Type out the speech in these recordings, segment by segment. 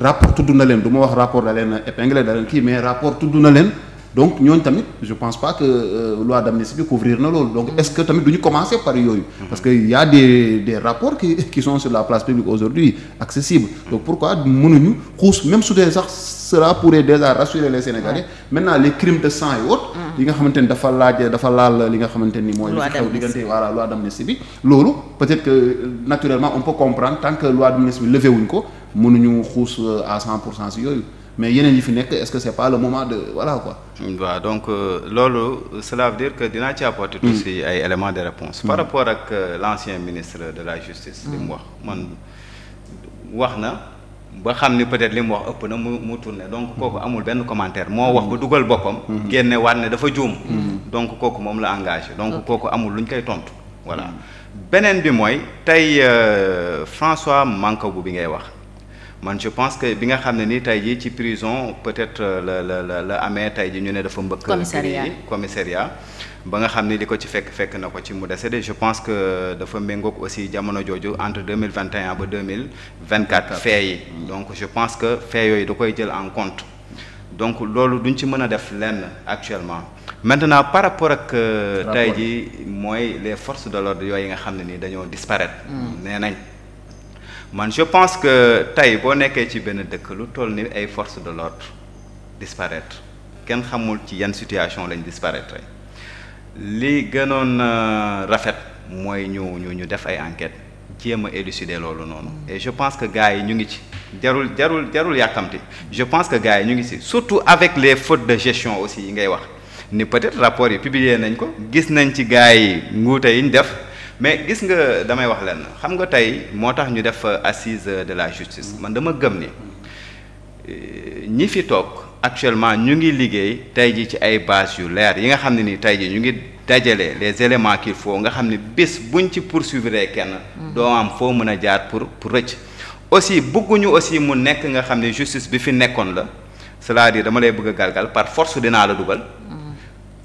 rapport tudd na leen du ma wax rapport da leen épinglé da leen kii mais rapport tudd na leen donc ñooñu tamit je pense pas que euh, loi bi couvrir na loolu donc est-ce que tamit du ñu commencer par yooyu parce que y a des qui qui sur la place publique aujourd'hui accessibles donc pourquoi mënuñu xuus même su dee sax cela pourrait déjà rassurer les Sénégalais maintenant les crimes de sang et autres mm. yi nga xamante ni dafa laaj dafa laal li nga xamante ni mooy xew diggante voilà loi d'amnistie bi loolu peut-être que naturellement on peut comprendre ko munuñu xuus euh, à cent pour cent yooyu mais yeneen yi fi nekk est-ce que c'est pas le moment de voilà quoi. waaw donc euh, loolu cela dire que dinaa ci apporter. aussi mm. ay éléments de réponse par mm. rapport ak euh, l'ancien ministre de la justice. li mu mm. wax man wax na. ba xam ni peut-être li mu wax ëpp na mu mu tourné donc kooku amul benn commentaire moo wax ba dugal boppam. génne waat ne dafa juum. donc kooku moom la engage donc kooku amul lu ñu koy tontu. voilà beneen bi mooy tey François Mancabou bi ngay wax. man je pense que bi nga xam ne ni tey jii ci prison peut-être euh, la la la amee tey jii ñu ne dafa mbëkk commissariat commissariat ba nga xam ne li ko ci fekk fekk na ko ci mu décédé je pense que dafa méngoog aussi jamono jooju entre deux vingt et ba deux mille vingt quatre fee yi donc je pense que fee yooyu da koy jël en compte donc loolu duñ ci mën a def lenn actuellement maintenant par rapport ak euh, tey jii mooy les forces de l'ordre yooyu nga xam ne nii dañoo disparaître hmm. nee nañ man je pense que tey boo nekkee ci benn dëkk lu toll ni ay force de l'ordre disparaître kenn xamul ci yan situation lañ disparaître li gënoon euh, rafet mooy ñu ñu ñu def ay enquêtes jéem a élucider loolu noonu et je pense que gars yi ñu ngi ci jarul jarul jarul yàkkamti je pense que gars yi ñu ngi ci surtout avec les fautes de gestion aussi yi ngay wax ni peut-être rapport yi publier nañ ko gis nañ ci gars yi nguute yi ñu def mais gis nga damay wax lenn xam nga tey moo tax ñu def assise de la justice man dama gëm ni euh, ñi fi toog actuellement ñu ngi liggéey tey ji ci ay base yu leer yi nga xam ne nii tey ji ñu ngi dajale les éléments qu'il faut nga xam ni bés buñ ci poursuivre kenn mm. doo am foo mën a jaar pour pour rëcc aussi bëgguñu aussi mu nekk nga xam ne justice bi fi nekkoon la cest à dama lay bëgg a galgal par force dinaa la dugal mm.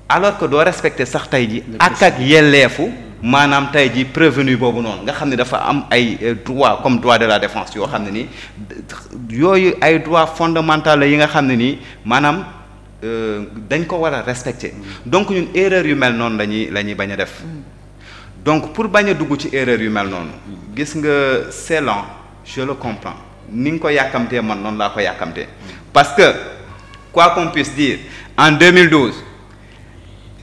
alors que doo respecter sax tey ji ak ak yelleefu maanaam tey ji prévenu boobu noonu nga xam ne dafa am ay euh, droit comme droit de la défense yoo xam ne nii yooyu ay droit fondamental la yi nga xam ne nii maanaam euh, dañ ko war a respecter mm. donc ñun erreur yu mel noonu la ñuy la ñuy bañ a def mm. donc pour bañ a dugg ci erreur yu mel noonu gis nga c'est lent je le comprends ni nga ko yàkkamtee man noonu laa ko yàkkamtee mm. parce que quoi qu'on puisse dire en 2012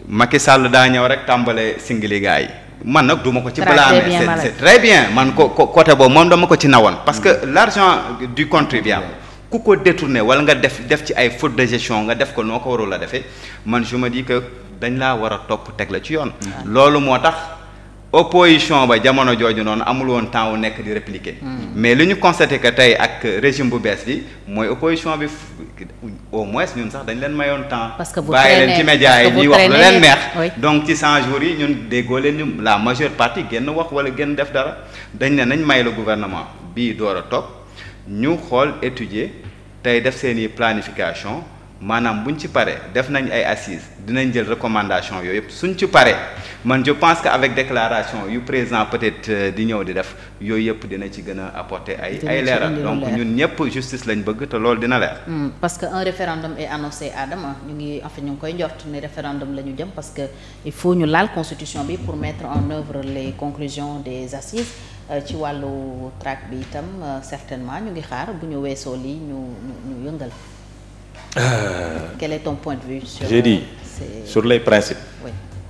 Macky Sall daa ñëw rek tàmbale singili gars yi man nag duma ko ci blâmer c'est très bien man ko côté boobu moom dama ko ci nawoon parce que mm. l'argent du contribuable ku ko détourné wala nga def def ci ay faute de gestion nga def ko noo ko warul a defee man je me dis dañ laa war a topp teg la ci yoon mm. loolu moo tax opposition ba jamono jooju noonu amul woon temps wu nekk di répliquer mm. mais li ñu constaté que tey ak régime bu bees bi mooy opposition bi au moins ñun sax dañ leen mayoon temps. parce que bu leen ci média yi ñuy wax lu leen neex. donc ci 100 jours yi ñun déggoo leen ñu la majeure partie génn wax wala génn def dara dañ ne nañ may la gouvernement bii door a toog ñu xool étudier tey def seen i planification. maanaam bu buñ ci paree def nañ ay assises dinañ jël recommandation yooyu yëpp suñ ci paree man je pense que avec déclaration yu président peut-être euh, di ñëw di def yooyu yëpp dina ci gën a apporter ay ay leeral donc ñun ñëpp justice lañ bëgg te loolu dina leer hmm, parce que un référendum est annoncé Adama ñu ngi en ñu ngi koy njort ne référendum la ñu jëm parce que il faut ñu laal constitution bi pour mettre en œuvre les conclusions des assises euh, ci wàllu track bi itam euh, certainement ñu ngi xaar bu ñu weesoo lii ñu ñu Euh, Quel est ton point de vue sur J'ai euh, les principes.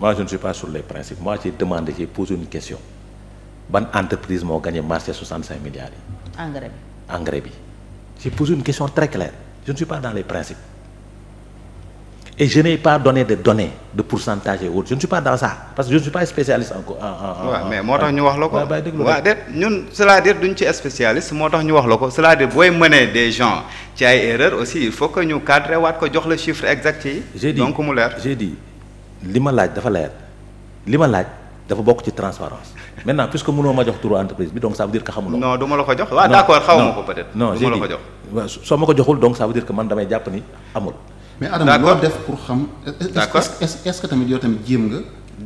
pas sur les principes. Moi, j'ai demandé, j'ai posé Ban entreprise moo gagné marché 65 milliards yi. engrais bi engrais bi. j'ai posé une question très claire. Je ne suis et je n'ai pas donné de données de pourcentage et je ne suis pas dans ça que je ne suis pas spécialiste en. en waaw mais moo tax ñu wax la ko waaw déet ñun cest à ko jox la chiffre exact yi. donc mu leer ma laaj dafa leer li ma laaj dafa bokk ci transparence maintenant puisque mënoo ma jox turu entreprise bi donc ça veut dire que xamuloo. non du la ko jox waaw d'accord xaw ma ko peut-être. non j'ai dit waaw soo ma ko joxul donc ça veut dire que man damay jàpp ni amul. mais Adama loo def pour xam. d'accord est-ce que tamit yow tamit jéem nga.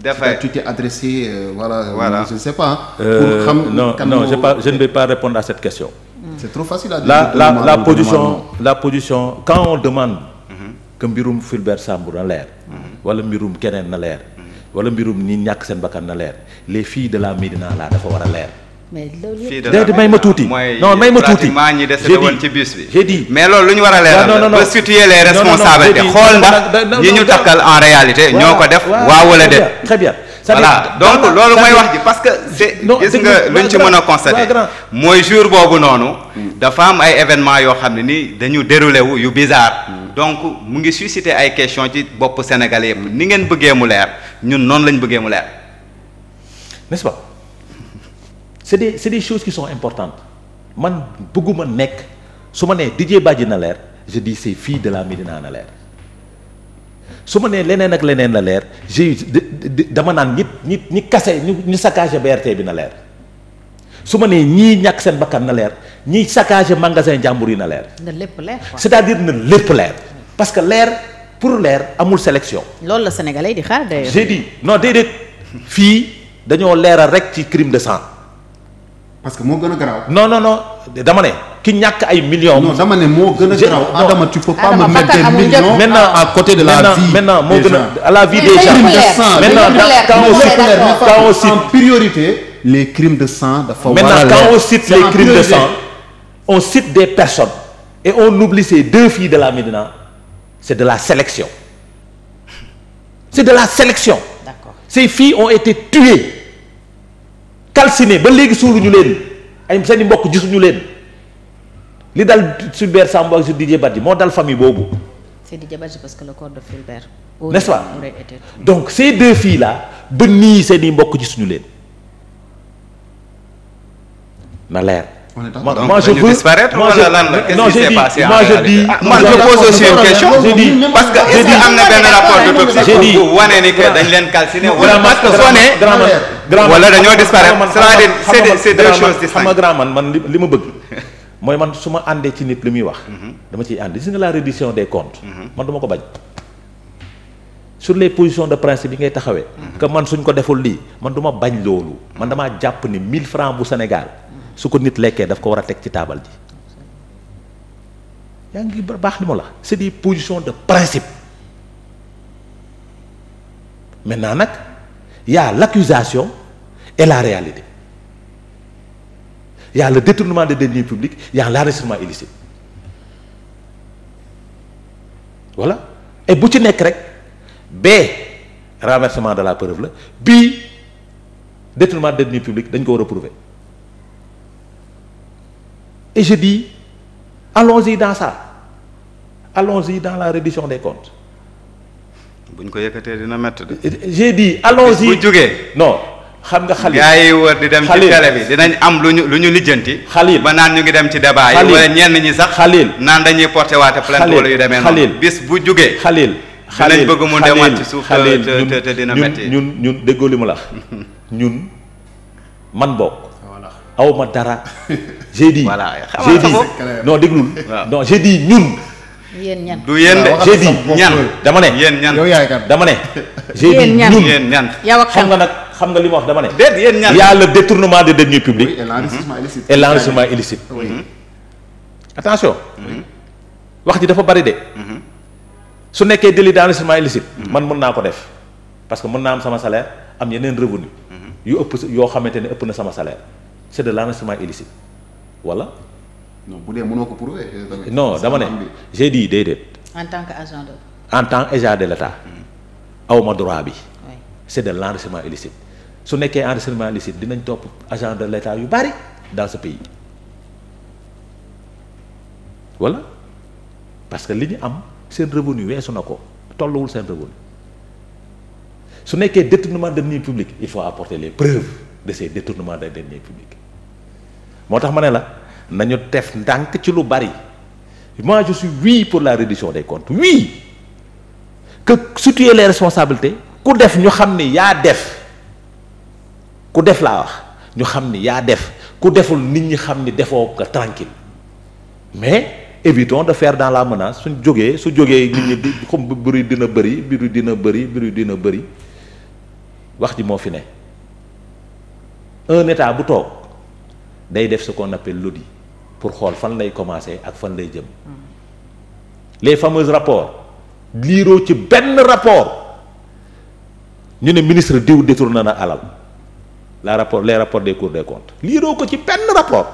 dafay tu t'es adressé euh, voilà. voilà je ne sais pas. Euh, pour xam non non je pas je ne vais pas répondre à cette question. Hmm. c'est trop facile à dire. la la la position la position quand on demande. Mhm. que mbirum Fulbert Sambou na leer. Mhm. wala mbirum keneen na leer. Mhm. wala mbirum ñi ñàkk seen bakkan na leer les filles de la Médina là dafa war a leer. mais loolu yëpp may ma tuuti. non may ma tuuti ñi des woon ci bus bi. mais loolu lu ñu war a leeral ba situer les responsabilités xool ndax yi ñu takkal en réalité ñoo ko def waaw wala déet. très bien voilà donc loolu mooy wax ji parce que c'est gis nga luñ ci mën a constater mooy jour boobu noonu dafa am ay événements yoo xam ne nii dañu déroulé wu yu bizarre donc mu ngi suscité ay questions ci bopp Sénégal yëpp ni ngeen bëggee mu leer ñun noonu lañ bëggee mu leer c'est des c'est des choses qui sont importantes man bëgguma nekk su ma nee Didier Badji na leer je di c'est fii de la Médina leer su ma nee leneen ak leneen na leer j'ai dama naan ñi ñi ñi kase ñu ñu saccagé BRT bi na leer su ma nee ñii ñàkk seen bakkan na leer ñii saccagé magasin jàmbur yi na leer. na lépp leer c'est-à-dire na lépp leer. parce que leer pour leer amul sélection. loolu la sénégalais di xaar d'ailleurs. j'ai dit non déedéet fii dañoo leeral rek ci crime de sang. parce que moo gën a garaaw. non non non dama ne. ki ñàkk ay millions. non dama ne moo gën a garaaw. Adama tu à côté de la vie. maintenant moo gën a à la des gens. quand on de sang quand on cite les crimes de sang on cite des personnes. et on oublie deux filles de la Médina c'est de la sélection. c'est de la sélection. ces filles ont été tuées. calciné ba léegi ñu leen ay seen i mbokk gisuñu leen li dal Fulbert Sambou ak su Didier Badji moo dal famille boobu. c'est Didier Badji parce que le corps de Fulbert. n'est-ce pas donc ces deux fii la ba nii seen i mbokk suñu leen na leer. moi, moi je veux disparaître wala man ah, parce que est-ce que am leen calciner wala parce que soo ne wala dañoo disparaître c'est-à-dire grand man man li ma bëgg mooy man su ma àndee ci nit li muy wax mhm. dama ciy ànd gis nga la reddition des comptes mhm. man duma ko bañ sur les positions de principe yi ngay taxawee mhm. que man suñ ko deful lii man duma bañ loolu man dama jàpp ni 1000 francs bu Sénégal su ko nit lekkee daf ko war a teg ci taabal ji yaa ngi baax li ma la c'est des positions de principe maintenant nag y a l'accusation et la réalité y détournement des deniers publics y la l'enrichissement illicite voilà et bu ci nekk rek bee renversement de la preuve la bii détournement des deniers publics dañ ko war a prouver et je dis allons-y dans ça allons-y dans la reddition des comptes. bu ñu ko yëkkatee dina métti de. j'ai dit allons-y bu jógee. non xam nga xalil gaa yi wër di dem ci télé bi dinañ am lu ñu lu ñu lijjanti. xalil ba naan ñu ngi dem ci débat yi. wala ñenn ñi sax. xalil naan dañuy porté waate plainte wala demee noonu. bis bu jógee. xalil xalil dinañ bëgg mu demaat ci suuf. te te te dina métti ñun ñun ñun déggoo li mu la ñun man bokk. awma dara. j'ai dit voilà j'ai dit non déglul non j'ai dit ñun. yéen yéen de dama ne. yéen ñan yow yaay dama ne. j'ai dit ñun yéen ak xam nga nag xam nga li ma wax dama ne. déet yéen ñan y a le détournement des deniers publics. et l'enrichissement illicite et mhm. attention. Mhm. wax ji dafa bari de. Mhm. su nekkee délit d'enrichissement illicite. man mën naa ko def parce que mën naa am sama salaire am yeneen revenu yu ëpp yoo xamante ne ëpp na sama salaire. c' est de l' enrichissement illicite voilà. non bu dee mënoo ko prouver non dama ne j'ai dit déedéet. en tant que agent de. en tant agent de l' aw ma droit bi. c' est de l' enrichissement illicite su nekkee enrichissement illicite dinañ topp agent de l' état yu bari dans ce pays voilà parce que li ñu am seen revenu weesu na ko tolluwul seen revenu su nekkee détournement de deniers publics il faut apporter les preuves. de ces détournements des deniers publics moo tax ma ne la nañu def ndànk ci lu bari moi je suis oui pour la reddition des comptes oui que situer les responsabilités ku def ñu xam ni yaa def ku def laa wax ñu xam ni yaa def ku deful nit ñi xam ni defoo ko tranquille mais évitons de faire dans la menace suñ jógee su jógee nit ñi di xum bu bëri dina bëri biru dina bëri biru dina bëri wax ji moo fi ne un état bu toog day def ce qu'on appelle l'audit pour xool fan lay commencer ak fan lay jëm les fameux rapports liiroo ci benn rapport ñu ne ministre diw détourné na alal la rapport les rapport des cours des comptes liiroo ko ci benn rapport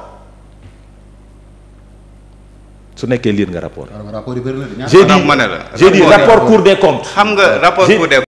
su nekkee liir nga rapport. rapport yi bëri na j'ai dit rapport cours des comptes. xam nga rapport